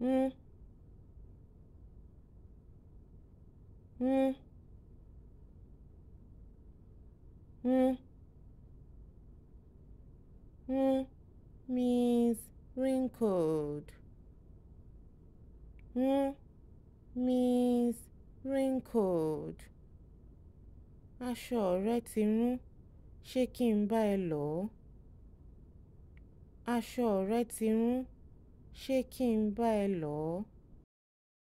Mm. Mm. Mm. Mm. Means wrinkled. Mm. Means wrinkled. Aṣọ rẹ ti rún, ṣé kí n bá ẹ lọ̀ Aṣọ rẹ ti rún ṣé kí n bá ẹ lò ó